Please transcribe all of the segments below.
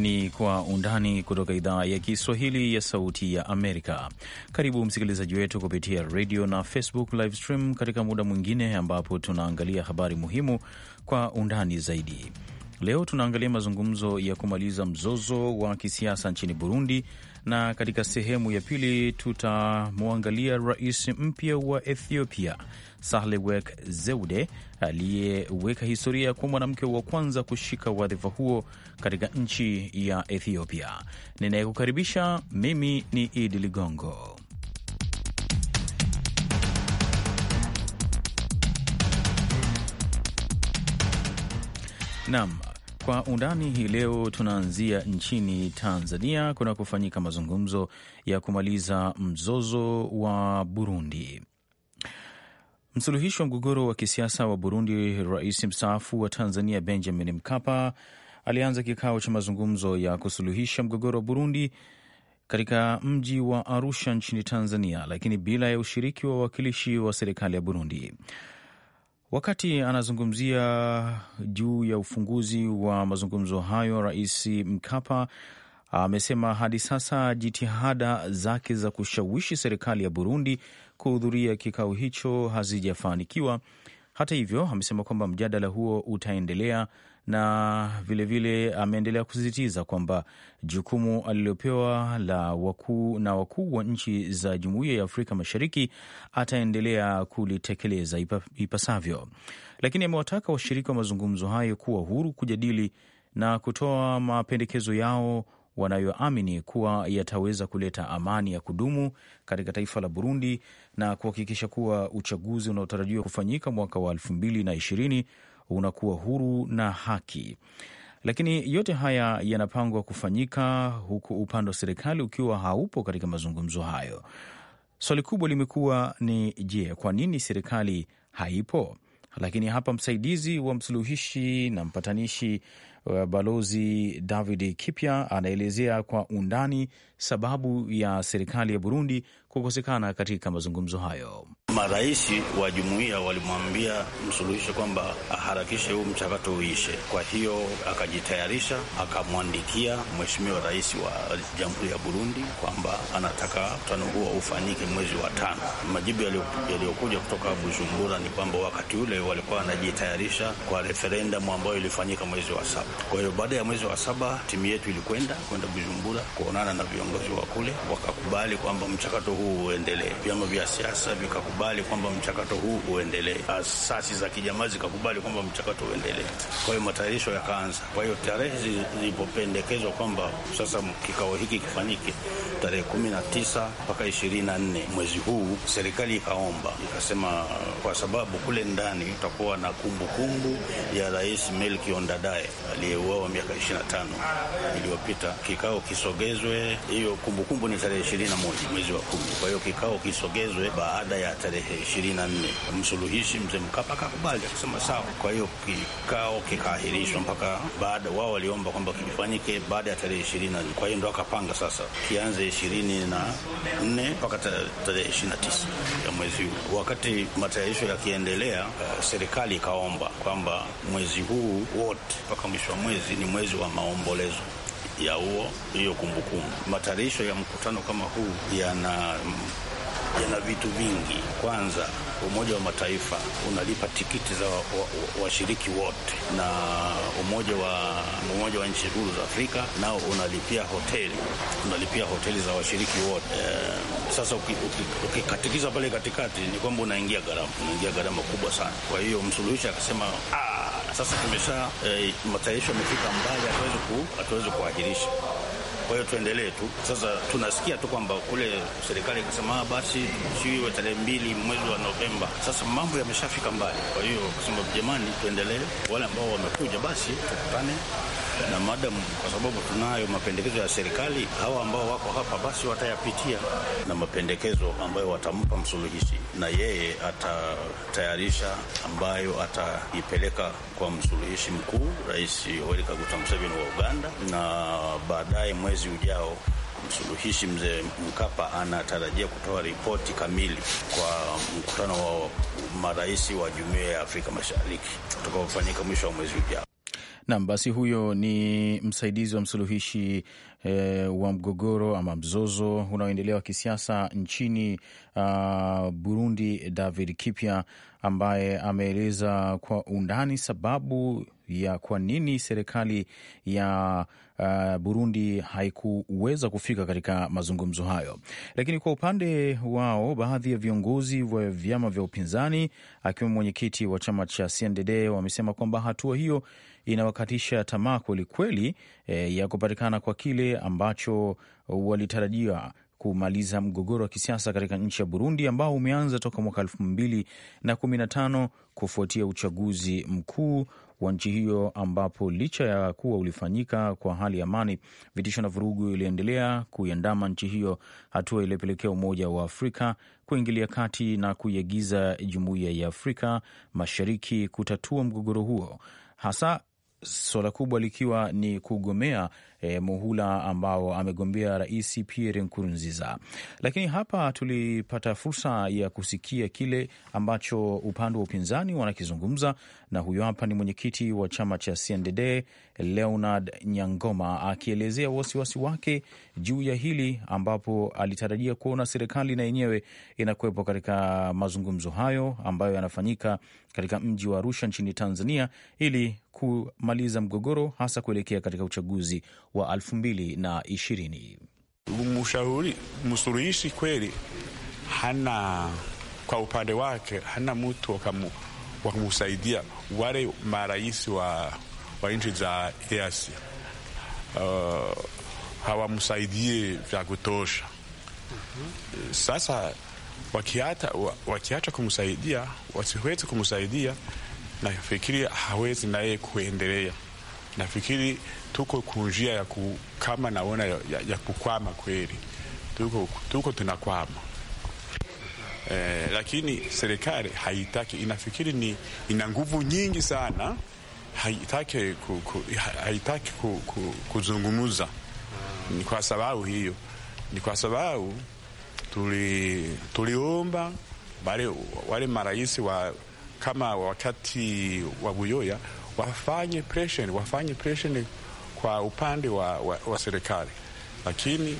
ni Kwa Undani kutoka idhaa ya Kiswahili ya Sauti ya Amerika. Karibu msikilizaji wetu kupitia radio na Facebook live stream katika muda mwingine ambapo tunaangalia habari muhimu kwa undani zaidi. Leo tunaangalia mazungumzo ya kumaliza mzozo wa kisiasa nchini Burundi, na katika sehemu ya pili tutamwangalia rais mpya wa Ethiopia Sahlewek Zeude aliyeweka historia kwa mwanamke wa kwanza kushika wadhifa huo katika nchi ya Ethiopia. Ninayekukaribisha mimi ni Idi Ligongo. Naam. Kwa undani hii leo tunaanzia nchini Tanzania kunakofanyika mazungumzo ya kumaliza mzozo wa Burundi. Msuluhishi wa mgogoro wa kisiasa wa Burundi, rais mstaafu wa Tanzania Benjamin Mkapa alianza kikao cha mazungumzo ya kusuluhisha mgogoro wa Burundi katika mji wa Arusha nchini Tanzania, lakini bila ya ushiriki wa wawakilishi wa serikali ya Burundi. Wakati anazungumzia juu ya ufunguzi wa mazungumzo hayo, Rais Mkapa amesema hadi sasa jitihada zake za kushawishi serikali ya Burundi kuhudhuria kikao hicho hazijafanikiwa. Hata hivyo, amesema kwamba mjadala huo utaendelea na vilevile ameendelea kusisitiza kwamba jukumu alilopewa la wakuu na wakuu wa nchi za Jumuiya ya Afrika Mashariki ataendelea kulitekeleza ipa, ipasavyo, lakini amewataka washiriki wa mazungumzo hayo kuwa huru kujadili na kutoa mapendekezo yao wanayoamini kuwa yataweza kuleta amani ya kudumu katika taifa la Burundi na kuhakikisha kuwa uchaguzi unaotarajiwa kufanyika mwaka wa elfu mbili na ishirini unakuwa huru na haki. Lakini yote haya yanapangwa kufanyika huku upande wa serikali ukiwa haupo katika mazungumzo hayo. Swali kubwa limekuwa ni je, kwa nini serikali haipo? Lakini hapa msaidizi wa msuluhishi na mpatanishi Uh, Balozi David Kipya anaelezea kwa undani sababu ya serikali ya Burundi kukosekana katika mazungumzo hayo marais wa jumuiya walimwambia msuluhisho kwamba aharakishe huu mchakato uishe. Kwa hiyo akajitayarisha, akamwandikia mheshimiwa rais wa jamhuri ya Burundi kwamba anataka mkutano huo ufanyike mwezi wa tano. Majibu yaliyokuja kutoka Bujumbura ni kwamba wakati ule walikuwa wanajitayarisha kwa referendum ambayo ilifanyika mwezi wa saba. Kwa hiyo baada ya mwezi wa saba timu yetu ilikwenda kwenda Bujumbura kuonana na viongozi wa kule, wakakubali kwamba mchakato huu uendelee. Vyama vya siasa vikakubali zikakubali kwamba mchakato huu uendelee, asasi za kijamaa zikakubali kwamba mchakato uendelee. Kwa hiyo matayarisho yakaanza. Kwa hiyo tarehe zilipopendekezwa kwamba sasa kikao hiki kifanyike tarehe kumi na tisa mpaka ishirini na nne mwezi huu, serikali ikaomba ikasema, kwa sababu kule ndani utakuwa na kumbukumbu ya Rais Melki Ondadae aliyeuawa miaka 25 iliyopita. Kikao kisogezwe, hiyo kumbukumbu ni tarehe 21 mwezi wa kumi. Kwa hiyo kikao kisogezwe baada ya tarehe tarehe ishirini na nne. Msuluhishi mzee Mkapa akakubali akasema sawa. Kwa hiyo kikao kikaahirishwa mpaka baada, wao waliomba kwamba kifanyike baada ya tarehe ishirini na nne. Kwa hiyo ndo akapanga sasa kianze ishirini na nne mpaka tarehe ishirini na tisa ya mwezi huu. Wakati matayarisho yakiendelea, uh, serikali ikaomba kwamba mwezi huu wote mpaka mwisho wa mwezi ni mwezi wa maombolezo ya huo hiyo kumbukumbu. Matayarisho ya mkutano kama huu yana yana vitu vingi. Kwanza, Umoja wa Mataifa unalipa tikiti za washiriki wa, wa wote, na umoja wa umoja wa nchi huru za Afrika nao unalipia hoteli unalipia hoteli za washiriki wote. E, sasa ukikatikiza uki, uki pale katikati ni kwamba unaingia gharama unaingia gharama kubwa sana. Kwa hiyo msuluhishi akasema ah, sasa tumesha e, mataifa yamefika mbali, hatuwezi kuahirisha kwa hiyo tuendelee tu. Sasa tunasikia tu kwamba kule serikali ikasema ah, basi tusiiwe tarehe mbili mwezi wa Novemba. Sasa mambo yameshafika mbali, kwa hiyo kasema jamani, tuendelee. Wale ambao wamekuja basi tukutane na madamu, kwa sababu tunayo mapendekezo ya serikali, hawa ambao wako hapa basi watayapitia na mapendekezo ambayo watampa msuluhishi, na yeye atatayarisha ambayo ataipeleka kwa msuluhishi mkuu, Rais Yoweri Kaguta Museveni wa Uganda, na baadaye mwezi ujao msuluhishi mzee Mkapa anatarajia kutoa ripoti kamili kwa mkutano wa marais wa jumuiya ya Afrika Mashariki utakaofanyika mwisho wa mwezi ujao. Nam, basi huyo ni msaidizi wa msuluhishi e, wa mgogoro ama mzozo unaoendelea wa kisiasa nchini a, ah, Burundi, David Kipya ambaye ameeleza kwa undani sababu ya kwa nini serikali ya uh, Burundi haikuweza kufika katika mazungumzo hayo. Lakini kwa upande wao, baadhi ya viongozi wa vyama vya upinzani akiwemo mwenyekiti wa chama cha CNDD wamesema kwamba hatua hiyo inawakatisha tamaa kwelikweli e, ya kupatikana kwa kile ambacho walitarajiwa kumaliza mgogoro wa kisiasa katika nchi ya Burundi ambao umeanza toka mwaka elfu mbili na kumi na tano kufuatia uchaguzi mkuu wa nchi hiyo ambapo licha ya kuwa ulifanyika kwa hali ya amani, vitisho na vurugu iliendelea kuiandama nchi hiyo, hatua iliyopelekea Umoja wa Afrika kuingilia kati na kuiagiza Jumuiya ya Afrika Mashariki kutatua mgogoro huo hasa suala kubwa likiwa ni kugomea e, muhula ambao amegombea Rais Pierre Nkurunziza. Lakini hapa tulipata fursa ya kusikia kile ambacho upande wa upinzani wanakizungumza, na huyo hapa ni mwenyekiti wa chama cha CNDD Leonard Nyangoma akielezea wasiwasi wake juu ya hili, ambapo alitarajia kuona serikali na yenyewe inakuwepo katika mazungumzo hayo ambayo yanafanyika katika mji wa Arusha nchini Tanzania ili kumaliza mgogoro hasa kuelekea katika uchaguzi wa 2020. Mshauri msuluhishi kweli hana kwa upande wake, hana mtu wakumsaidia. Wale marais wa, wa nchi za Asia uh, hawamsaidie vya kutosha. Sasa wakiacha wakiacha kumsaidia, wasiwezi kumsaidia, nafikiri hawezi naye kuendelea. Nafikiri tuko kunjia ya ku, kama naona ya, ya ya kukwama kweli, tuko, tuko tunakwama eh, lakini serikali haitaki, inafikiri ni ina nguvu nyingi sana, haitaki ku, ku, haitaki ku, ku, kuzungumuza. Ni kwa sababu hiyo, ni kwa sababu tuli tuliomba wale marais wa kama wakati wa Buyoya wafanye pressure, wafanye pressure kwa upande wa, wa, wa serikali, lakini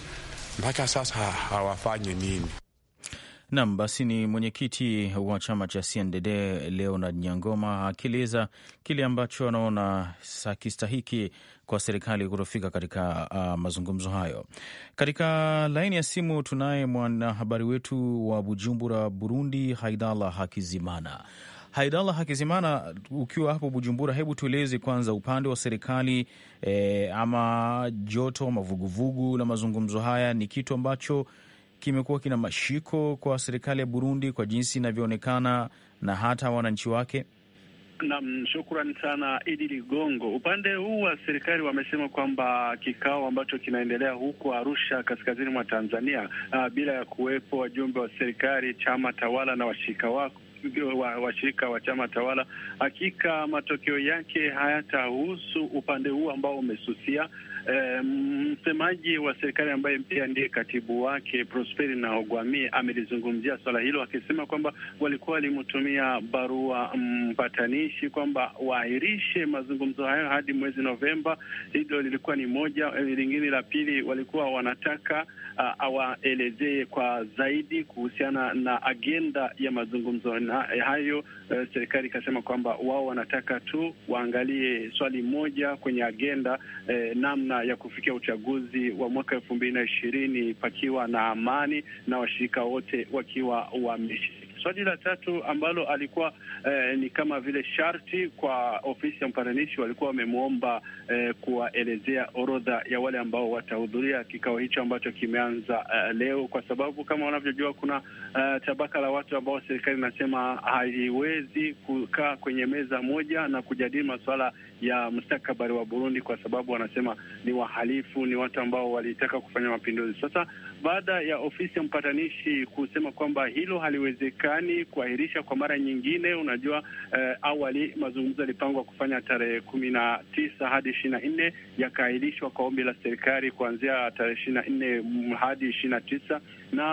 mpaka sasa hawafanye nini. Nam basi, ni mwenyekiti wa chama cha CNDD Leonard Nyangoma akieleza kile ambacho anaona sakistahiki kwa serikali kutofika katika uh, mazungumzo hayo. Katika laini ya simu tunaye mwanahabari wetu wa Bujumbura, Burundi, Haidala Hakizimana. Haidallah Hakizimana, ukiwa hapo Bujumbura, hebu tueleze kwanza upande wa serikali e, ama joto mavuguvugu na mazungumzo haya ni kitu ambacho kimekuwa kina mashiko kwa serikali ya Burundi kwa jinsi inavyoonekana na hata wananchi wake. Nam, shukran sana Idi Ligongo. Upande huu wa serikali wamesema kwamba kikao ambacho kinaendelea huko Arusha, kaskazini mwa Tanzania, uh, bila ya kuwepo wajumbe wa serikali, chama tawala na washirika wako washirika wa, wa chama tawala, hakika matokeo yake hayatahusu upande huu ambao umesusia. Eh, msemaji um, wa serikali ambaye pia ndiye katibu wake Prosperi na Ogwami amelizungumzia swala hilo akisema kwamba walikuwa walimtumia barua mpatanishi um, kwamba waahirishe mazungumzo hayo hadi mwezi Novemba. Hilo lilikuwa ni moja. Eh, lingine la pili walikuwa wanataka uh, awaelezee kwa zaidi kuhusiana na agenda ya mazungumzo hayo. Uh, serikali ikasema kwamba wao wanataka tu waangalie swali moja kwenye agenda eh, namna ya kufikia uchaguzi wa mwaka elfu mbili na ishirini pakiwa na amani na washirika wote wakiwa wamishi Swali la tatu ambalo alikuwa eh, ni kama vile sharti kwa ofisi ya mpatanishi, walikuwa wamemwomba eh, kuwaelezea orodha ya wale ambao watahudhuria kikao hicho ambacho kimeanza eh, leo, kwa sababu kama wanavyojua kuna eh, tabaka la watu ambao serikali inasema haiwezi kukaa kwenye meza moja na kujadili masuala ya mustakabali wa Burundi, kwa sababu wanasema ni wahalifu, ni watu ambao walitaka kufanya mapinduzi. Sasa baada ya ofisi ya mpatanishi kusema kwamba hilo haliwezekani kuahirisha kwa mara nyingine. Unajua eh, awali mazungumzo yalipangwa kufanya tarehe kumi na tisa hadi ishirini na nne yakaahirishwa kwa ombi la serikali kuanzia tarehe ishirini na nne hadi ishirini na tisa na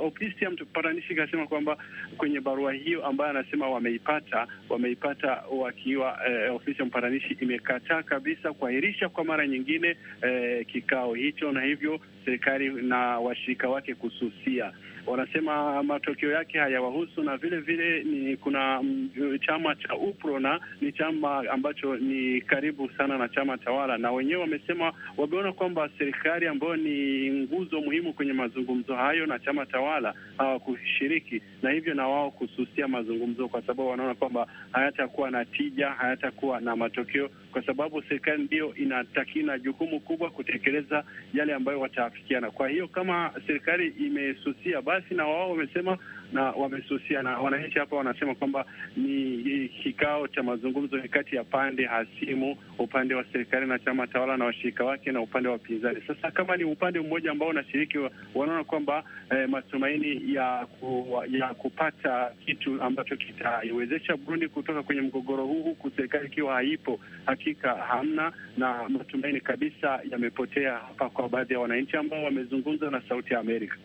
uh, eh, ya mpatanishi ikasema kwamba kwenye barua hiyo ambayo anasema wameipata wameipata wakiwa uh, ofisi ya mpatanishi imekataa kabisa kuahirisha kwa mara nyingine uh, kikao hicho, na hivyo serikali na washirika wake kususia wanasema matokeo yake hayawahusu, na vile vile ni kuna mm, chama cha UPRONA ni chama ambacho ni karibu sana na chama tawala, na wenyewe wamesema wameona kwamba serikali ambayo ni nguzo muhimu kwenye mazungumzo hayo na chama tawala hawakushiriki, na hivyo na wao kususia mazungumzo kwa sababu wanaona kwamba hayatakuwa na tija, hayatakuwa na matokeo, kwa sababu serikali ndiyo inatakiwa na jukumu kubwa kutekeleza yale ambayo wataafikiana. Kwa hiyo kama serikali imesusia basi na wao wamesema na wamesusia, na wananchi hapa wanasema kwamba ni kikao cha mazungumzo kati ya pande hasimu, upande wa serikali na chama tawala na washirika wake na upande wa upinzani. Sasa kama ni upande mmoja ambao unashiriki, wanaona kwamba eh, matumaini ya, ku, ya kupata kitu ambacho kitaiwezesha Burundi kutoka kwenye mgogoro huu, huku serikali ikiwa haipo, hakika hamna na matumaini kabisa yamepotea hapa kwa baadhi ya wananchi ambao wamezungumza na Sauti ya Amerika.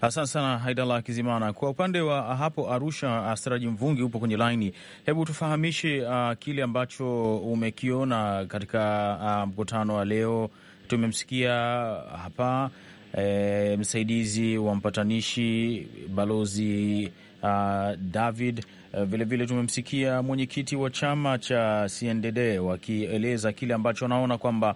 Asante sana Haidala Kizimana kwa upande upande wa hapo Arusha, astraji uh, Mvungi upo kwenye laini, hebu tufahamishe uh, kile ambacho umekiona katika uh, mkutano wa leo. Tumemsikia hapa eh, msaidizi wa mpatanishi balozi uh, David vilevile eh, vile tumemsikia mwenyekiti wa chama cha CNDD wakieleza kile ambacho wanaona kwamba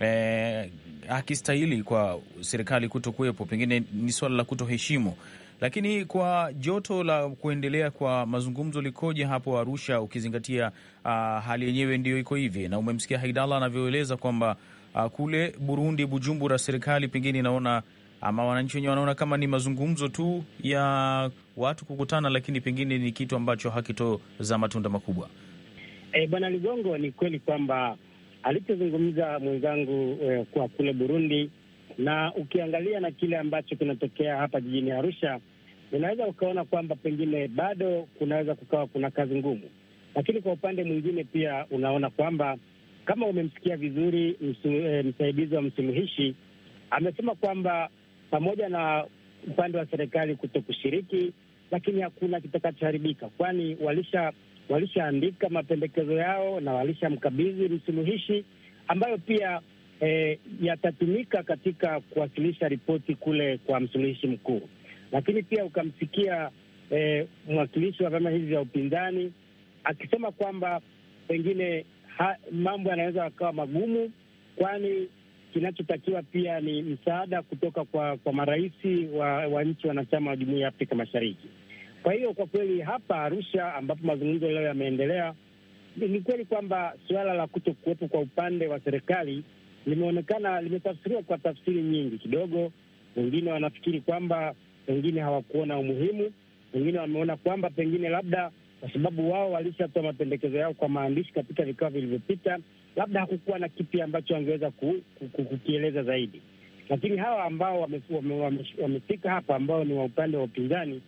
eh, akistahili kwa serikali kuto kuwepo, pengine ni swala la kutoheshimu lakini kwa joto la kuendelea kwa mazungumzo likoje hapo Arusha, ukizingatia uh, hali yenyewe ndiyo iko hivi, na umemsikia Haidala anavyoeleza kwamba uh, kule Burundi, Bujumbura, serikali pengine inaona ama wananchi wenyewe wanaona kama ni mazungumzo tu ya watu kukutana, lakini pengine ni kitu ambacho hakitoza matunda makubwa. E, Bwana Ligongo, ni kweli kwamba alichozungumza mwenzangu eh, kwa kule Burundi na ukiangalia na kile ambacho kinatokea hapa jijini Arusha, unaweza ukaona kwamba pengine bado kunaweza kukawa kuna kazi ngumu, lakini kwa upande mwingine pia unaona kwamba kama umemsikia vizuri msu, e, msaidizi wa msuluhishi amesema kwamba pamoja na upande wa serikali kuto kushiriki, lakini hakuna kitakachoharibika, kwani walisha walishaandika mapendekezo yao na walishamkabidhi msuluhishi ambayo pia e, yatatumika katika kuwasilisha ripoti kule kwa msuluhishi mkuu, lakini pia ukamsikia e, mwakilishi wa vyama hivi vya upinzani akisema kwamba pengine ha, mambo yanaweza yakawa magumu, kwani kinachotakiwa pia ni msaada kutoka kwa kwa marais wa, wa nchi wanachama wa jumuiya ya Afrika Mashariki. Kwa hiyo kwa kweli hapa Arusha ambapo mazungumzo leo yameendelea, ni kweli kwamba suala la kuto kuwepo kwa upande wa serikali limeonekana limetafsiriwa kwa tafsiri nyingi kidogo. Wengine wanafikiri kwamba wengine hawakuona umuhimu, wengine wameona kwamba pengine labda kwa sababu wao walishatoa mapendekezo yao kwa maandishi katika vikao vilivyopita, labda hakukuwa na kipi ambacho wangeweza kukieleza zaidi. Lakini hawa ambao wamefika wame, wame, wame hapa ambao ni wa upande wa upinzani,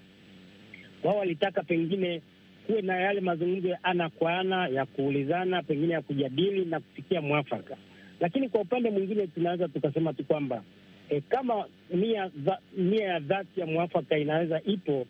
wao walitaka pengine kuwe na yale mazungumzo ya ana kwa ana ya kuulizana, pengine ya kujadili na kufikia mwafaka. Lakini kwa upande mwingine tunaweza tukasema tu kwamba e, kama nia nia ya dhati ya mwafaka inaweza ipo,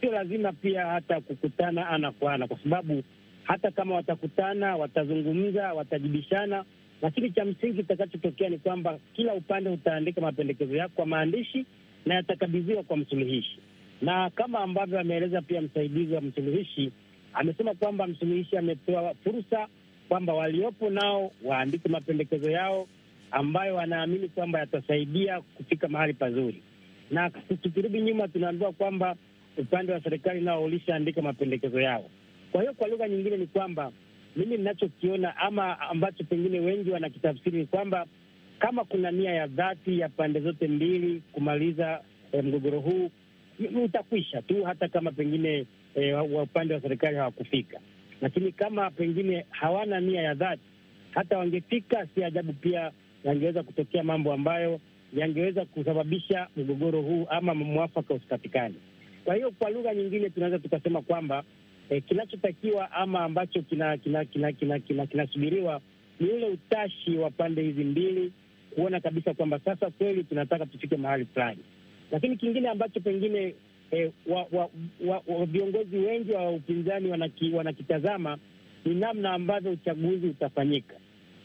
sio lazima pia hata kukutana ana kwa ana, kwa sababu hata kama watakutana, watazungumza, watajibishana, lakini cha msingi kitakachotokea ni kwamba kila upande utaandika mapendekezo yako kwa maandishi na yatakabidhiwa kwa msuluhishi, na kama ambavyo ameeleza pia msaidizi wa msuluhishi, amesema kwamba msuluhishi amepewa fursa kwamba waliopo nao waandike mapendekezo yao ambayo wanaamini kwamba yatasaidia kufika mahali pazuri, na tukirudi nyuma tunaambiwa kwamba upande wa serikali nao ulishaandika mapendekezo yao. Kwa hiyo kwa lugha nyingine ni kwamba mimi ninachokiona ama ambacho pengine wengi wanakitafsiri ni kwamba kama kuna nia ya dhati ya pande zote mbili kumaliza eh, mgogoro huu utakwisha tu, hata kama pengine eh, upande wa serikali hawakufika lakini kama pengine hawana nia ya dhati, hata wangefika, si ajabu pia yangeweza kutokea mambo ambayo yangeweza kusababisha mgogoro huu ama mwafaka usipatikane. Kwa hiyo kwa lugha nyingine tunaweza tukasema kwamba eh, kinachotakiwa ama ambacho kinasubiriwa kina, kina, kina, kina, kina ni ule utashi wa pande hizi mbili kuona kabisa kwamba sasa kweli tunataka tufike mahali fulani. Lakini kingine ambacho pengine eh, wa, wa, wa, wa viongozi wengi wa upinzani wanaki, wanakitazama ni namna ambavyo uchaguzi utafanyika,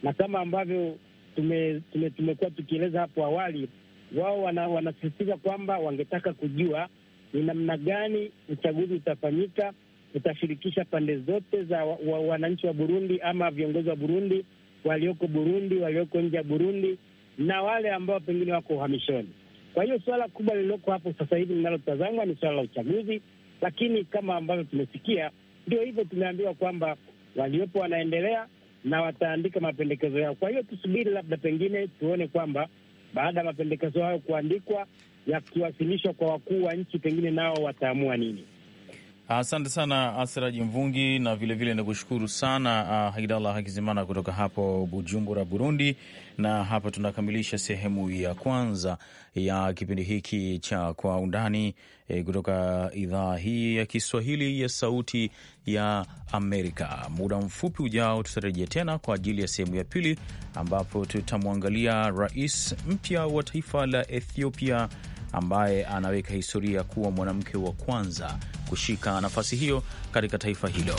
na kama ambavyo tume, tume, tumekuwa tukieleza hapo awali, wao wanasisitiza wana kwamba wangetaka kujua ni namna gani uchaguzi utafanyika, utashirikisha pande zote za wananchi wa, wa, wa Burundi ama viongozi wa Burundi walioko Burundi, walioko nje ya Burundi na wale ambao pengine wako uhamishoni. Kwa hiyo suala kubwa lililoko hapo sasa hivi linalotazamwa ni suala la uchaguzi, lakini kama ambavyo tumesikia, ndio hivyo, tumeambiwa kwamba waliopo wanaendelea na wataandika mapendekezo yao. Kwa hiyo tusubiri, labda pengine tuone kwamba baada ya mapendekezo hayo kuandikwa, yakiwasilishwa kwa wakuu wa nchi, pengine nao wataamua nini. Asante sana Asiraji Mvungi, na vilevile nakushukuru sana uh, Haidallah Hakizimana kutoka hapo Bujumbura, Burundi. Na hapa tunakamilisha sehemu ya kwanza ya kipindi hiki cha Kwa Undani eh, kutoka idhaa hii ya Kiswahili ya Sauti ya Amerika. Muda mfupi ujao, tutarejea tena kwa ajili ya sehemu ya pili, ambapo tutamwangalia rais mpya wa taifa la Ethiopia ambaye anaweka historia kuwa mwanamke wa kwanza kushika nafasi hiyo katika taifa hilo.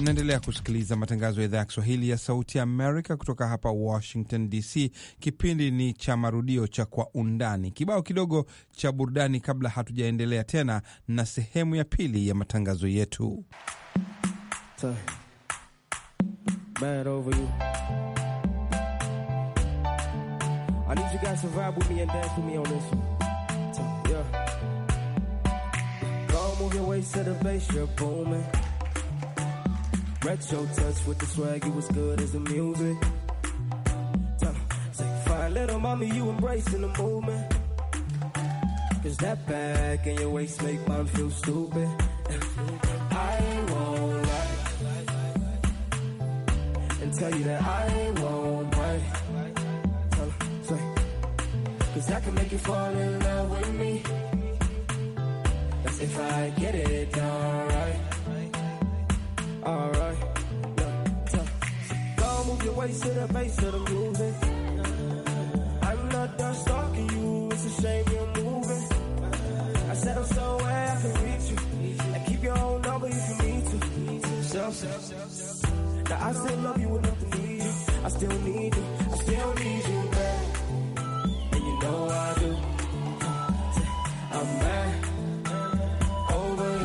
Mnaendelea kusikiliza matangazo ya idhaa ya Kiswahili ya Sauti Amerika kutoka hapa Washington DC. Kipindi ni cha marudio cha Kwa Undani. Kibao kidogo cha burudani kabla hatujaendelea tena na sehemu ya pili ya matangazo yetu. I need you guys to vibe with me and dance with me on this one. Yeah. Go move your waist to the bass, you're booming. Retro touch with the swag, you was good as the music. Say, fine little mommy, you embracing the movement. Cause that back in your waist make mom feel stupid. I won't lie and tell you that I I can make you fall in love with me That's if I get it down right Alright Go move your waist to the base of the movement I'm not done stalking you It's a shame you're moving I said I'm somewhere I can reach you And keep your own number if you need to Selfish Now I still love you enough to need you I still need you I still need you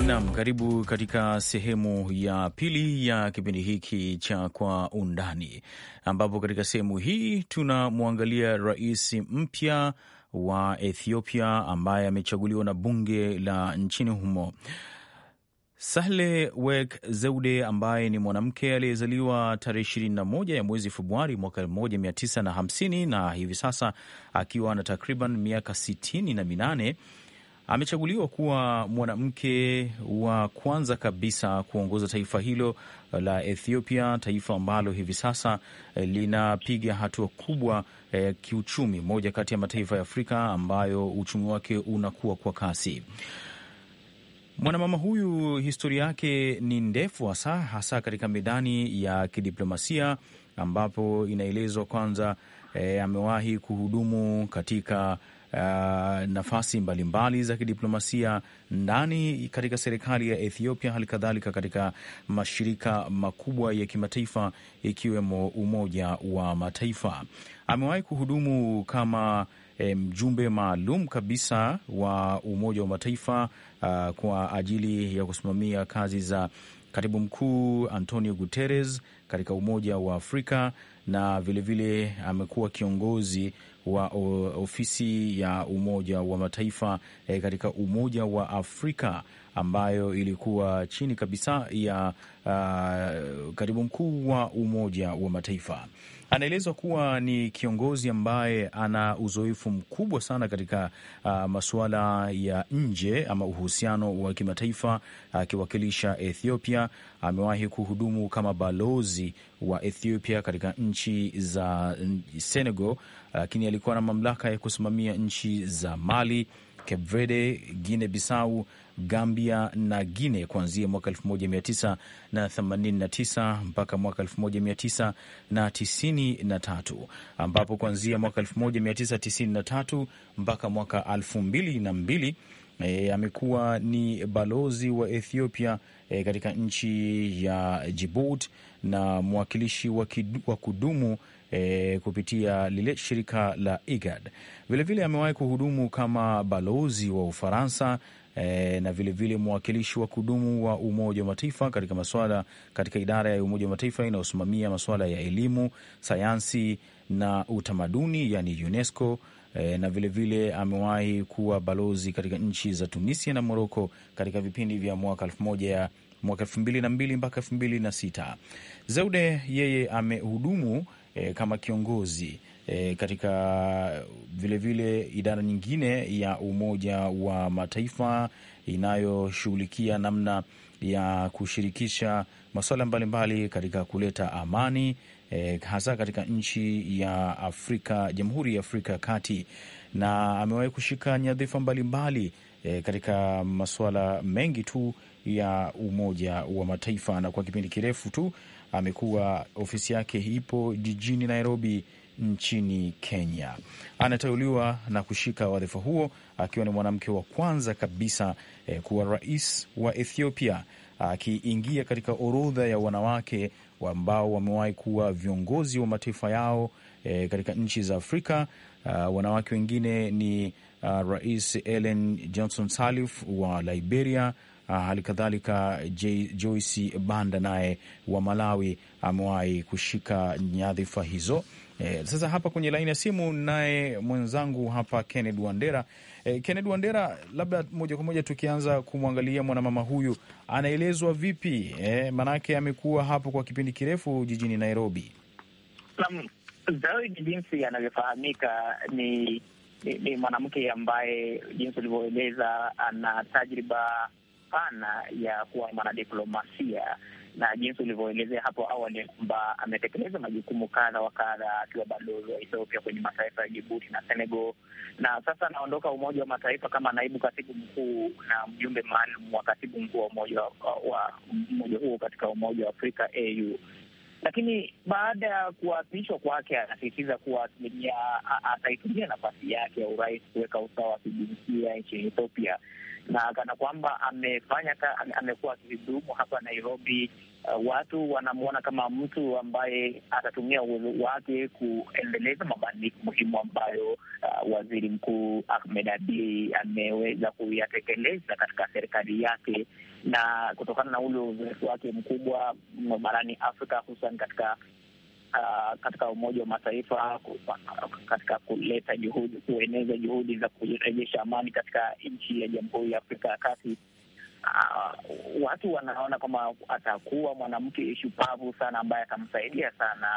Nam, karibu katika sehemu ya pili ya kipindi hiki cha Kwa Undani, ambapo katika sehemu hii tunamwangalia rais mpya wa Ethiopia ambaye amechaguliwa na bunge la nchini humo Sahle Wek Zeude ambaye ni mwanamke aliyezaliwa tarehe moja ya mwezi Februari mwaka hamsini na hivi sasa akiwa na takriban miaka sitini na minane amechaguliwa kuwa mwanamke wa kwanza kabisa kuongoza taifa hilo la Ethiopia, taifa ambalo hivi sasa eh, linapiga hatua kubwa eh, kiuchumi, moja kati ya mataifa ya Afrika ambayo uchumi wake unakuwa kwa kasi. Mwanamama huyu historia yake ni ndefu, hasa hasa katika medani ya kidiplomasia, ambapo inaelezwa kwanza, eh, amewahi kuhudumu katika uh, nafasi mbalimbali za kidiplomasia ndani katika serikali ya Ethiopia, hali kadhalika katika mashirika makubwa ya kimataifa ikiwemo Umoja wa Mataifa. Amewahi kuhudumu kama eh, mjumbe maalum kabisa wa Umoja wa Mataifa uh, kwa ajili ya kusimamia kazi za katibu mkuu Antonio Guterres katika Umoja wa Afrika na vilevile amekuwa kiongozi wa ofisi ya Umoja wa Mataifa eh, katika Umoja wa Afrika ambayo ilikuwa chini kabisa ya uh, katibu mkuu wa Umoja wa Mataifa. Anaelezwa kuwa ni kiongozi ambaye ana uzoefu mkubwa sana katika uh, masuala ya nje ama uhusiano wa kimataifa akiwakilisha uh, Ethiopia. Amewahi kuhudumu kama balozi wa Ethiopia katika nchi za Senegal, lakini alikuwa na mamlaka ya kusimamia nchi za Mali Cape Verde, Guine Bissau, Gambia na Guine kuanzia mwaka 1989 mpaka mwaka 1993 ambapo kuanzia mwaka 1993 mpaka mwaka 2002 E, eh, amekuwa ni balozi wa Ethiopia e, katika nchi ya Djibouti na mwakilishi wa kudumu e, kupitia lile shirika la IGAD. Vilevile amewahi kuhudumu kama balozi wa Ufaransa e, na vilevile mwakilishi wa kudumu wa Umoja wa Mataifa katika maswala katika idara ya Umoja wa Mataifa inayosimamia maswala ya elimu, sayansi na utamaduni, yani UNESCO e, na vilevile amewahi kuwa balozi katika nchi za Tunisia na Moroko katika vipindi vya mwaka elfu moja mwaka elfu mbili na mbili mpaka elfu mbili na sita. Zeude yeye amehudumu e, kama kiongozi e, katika vilevile idara nyingine ya Umoja wa Mataifa inayoshughulikia namna ya kushirikisha masuala mbalimbali katika kuleta amani e, hasa katika nchi ya Afrika, Jamhuri ya Afrika ya Kati, na amewahi kushika nyadhifa mbalimbali e, katika masuala mengi tu ya Umoja wa Mataifa, na kwa kipindi kirefu tu amekuwa ofisi yake ipo jijini Nairobi nchini Kenya. Anateuliwa na kushika wadhifa huo akiwa ni mwanamke wa kwanza kabisa eh, kuwa rais wa Ethiopia, akiingia katika orodha ya wanawake ambao wamewahi kuwa viongozi wa mataifa yao eh, katika nchi za Afrika. Uh, wanawake wengine ni uh, Rais Ellen Johnson Sirleaf wa Liberia, Ah, hali kadhalika Joyce Banda naye wa Malawi amewahi kushika nyadhifa hizo. Eh, sasa hapa kwenye laini ya simu naye mwenzangu hapa Kenneth Wandera. Eh, Kenneth Wandera, labda moja kwa moja tukianza kumwangalia mwanamama huyu anaelezwa vipi? Eh, maanake amekuwa hapo kwa kipindi kirefu jijini Nairobi. zaidi jinsi anavyofahamika ni, ni, ni mwanamke ambaye jinsi ulivyoeleza ana tajriba pana ya kuwa mwanadiplomasia na jinsi ulivyoelezea hapo awali kwamba ametekeleza majukumu kadha wa kadha akiwa balozi wa Ethiopia kwenye mataifa ya Jibuti na Senegal, na sasa anaondoka Umoja wa Mataifa kama naibu katibu mkuu na mjumbe maalum wa katibu mkuu wa umoja wa umoja huo katika Umoja wa Afrika au lakini baada ya kuapishwa kwake, anasisitiza kuwa ataitumia nafasi yake ya urais kuweka usawa wa kijinsia nchini Ethiopia na kana kwamba amefanya amekuwa akihudumu hapa Nairobi uh, watu wanamwona kama mtu ambaye atatumia uwezo wake kuendeleza mabadiliko muhimu ambayo uh, waziri mkuu Ahmed Abiy ameweza kuyatekeleza katika serikali yake, na kutokana na ule uzoefu wake mkubwa mm, barani Afrika hususan katika Uh, katika Umoja wa Mataifa katika kuleta juhudi, kueneza juhudi za kurejesha amani katika nchi ya Jamhuri ya Afrika ya Kati uh, watu wanaona kwamba atakuwa mwanamke shupavu sana ambaye atamsaidia sana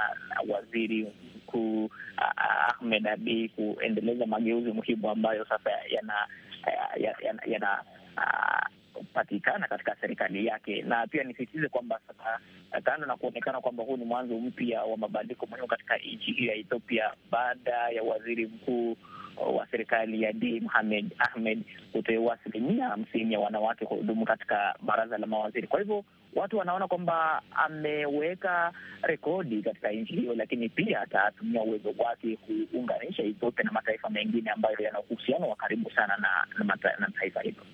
waziri mkuu uh, Ahmed abi kuendeleza mageuzi muhimu ambayo sasa yana uh, yana, uh, katika serikali yake. Na pia nisisitize kwamba sasa, uh, kando na kuonekana kwamba huu ni mwanzo mpya wa mabadiliko muhimu katika nchi hii ya Ethiopia, baada ya waziri mkuu wa serikali ya D Mohamed Ahmed kuteua asilimia hamsini ya wanawake kuhudumu katika baraza la mawaziri. Kwa hivyo watu wanaona kwamba ameweka rekodi katika nchi hiyo, lakini pia atatumia uwezo wake kuunganisha Ethiopia na mataifa mengine ambayo yana uhusiano wa karibu sana na, na, na taifa hilo.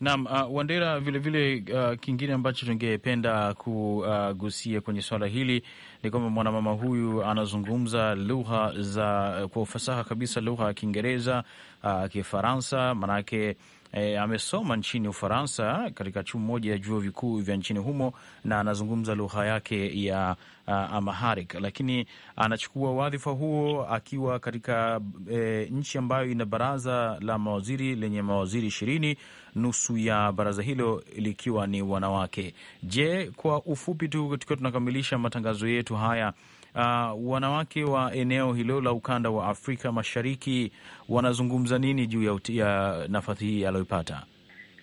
Naam, uh, Wandera, vilevile vile, uh, kingine ambacho tungependa kugusia kwenye swala hili ni kwamba mwanamama huyu anazungumza lugha za kwa ufasaha kabisa, lugha ya Kiingereza, uh, Kifaransa, manake e, amesoma nchini Ufaransa katika chuo moja ya vyuo vikuu vya nchini humo na anazungumza lugha yake ya Amharic, lakini anachukua wadhifa huo akiwa katika e, nchi ambayo ina baraza la mawaziri lenye mawaziri ishirini, nusu ya baraza hilo likiwa ni wanawake. Je, kwa ufupi tu tukiwa tunakamilisha matangazo yetu haya uh, wanawake wa eneo hilo la ukanda wa Afrika Mashariki wanazungumza nini juu ya, ya nafasi hii aliyoipata?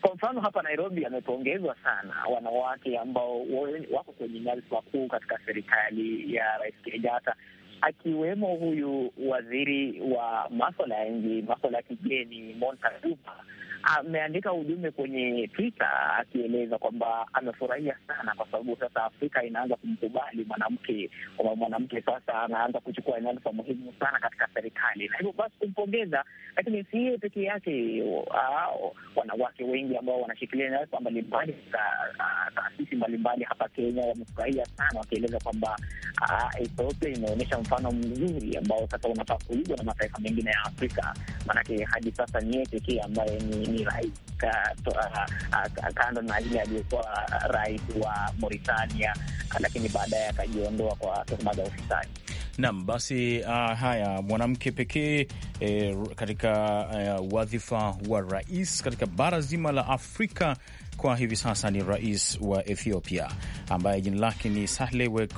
Kwa mfano hapa Nairobi amepongezwa sana wanawake ambao wako kwenye nyadhifa kuu katika serikali ya Rais Kenyatta, akiwemo huyu waziri wa maswala ya nje, maswala ya kigeni Monica Juma ameandika ujumbe kwenye Twitter akieleza kwamba amefurahia sana kwa sababu sasa Afrika inaanza kumkubali mwanamke, kwamba mwanamke sasa anaanza kuchukua nyadhifa muhimu sana katika serikali, na hivyo basi kumpongeza. Lakini si hiyo pekee yake, wanawake wengi ambao wanashikilia nyadhifa mbalimbali katika uh, taasisi mbalimbali hapa Kenya wamefurahia sana, wakieleza kwamba uh, Ethiopia imeonyesha mfano mzuri ambao sasa unafaa kuigwa na mataifa mengine ya Afrika, maanake hadi sasa ni yeye pekee ambaye ni ni rais kando na ile aliyekuwa rais wa Mauritania, lakini baadaye akajiondoa kwa tuhuma za ufisadi. Naam, basi uh, haya mwanamke pekee eh, katika uh, wadhifa wa rais katika bara zima la Afrika kwa hivi sasa ni rais wa Ethiopia ambaye jina lake ni Sahlewek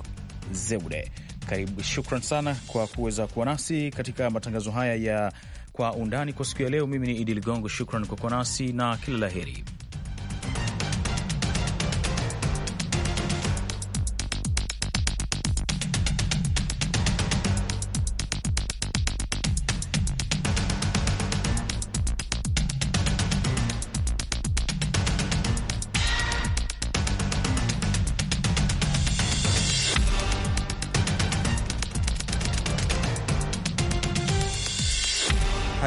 Zeude. Karibu, shukran sana kwa kuweza kuwa nasi katika matangazo haya ya kwa Undani kwa siku ya leo. Mimi ni Idi Ligongo, shukran kwa kuwa nasi na kila laheri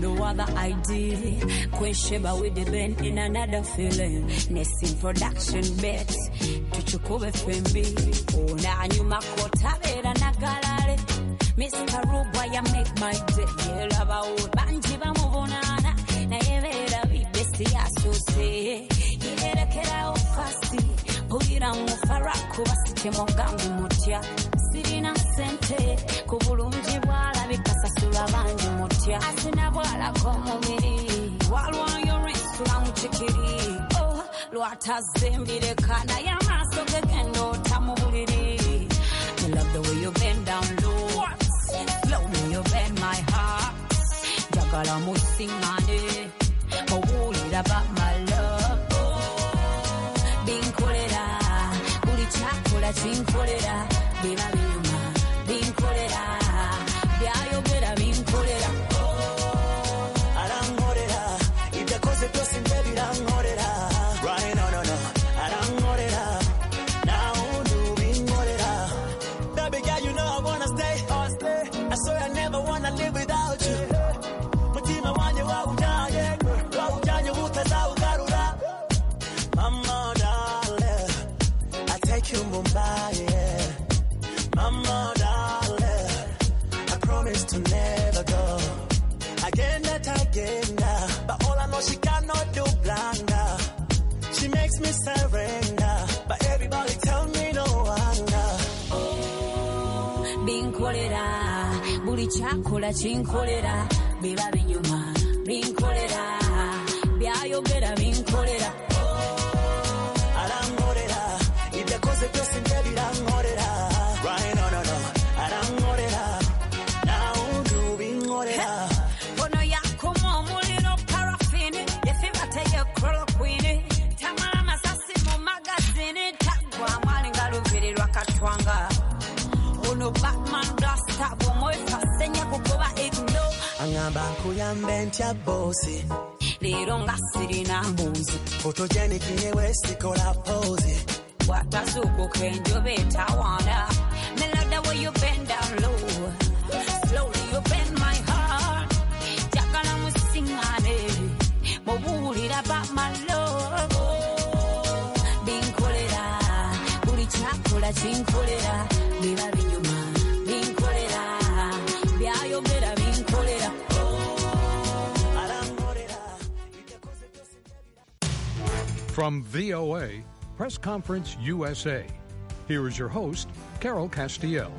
no other idea. Queen Kwesheba with the band in another feeling. Nessin production bet. Tuchukube fembi. Ona oh, anyuma kota bera nagalale. Mr. Robo you make my day. Yelaba oh, banji bamubonana. Na yebera bibesi asose. Yerekera ofasi. Ulira mufara kubasiche mwangangu mutya sirina ssente ku bulungi bwalabika sasula bangi mutya asinabwalako omubiri walwayo lwensula mu kikiri oh, lwatazimbireka naye amaaso ge genda ota mu buliri Love the way you bend down low. Love me, you bend my heart. Jagala musingane. Mawulira about my love. vincolera, viva Vilma viuma, viva Vilma me But everybody tell me no wonder. Binkolera, buli chakola chinkolera, biba binyuma. Binkolera, byayogera binkolera. Arankorera, ibyo akoze byose nje birankorera. okuyamba entya boosi leero nga sirina mbuzi fotogenikine weesikola poozi bwatazuukuka enjoba etawaana From VOA, Press Conference USA, here is your host, Carol Castiel.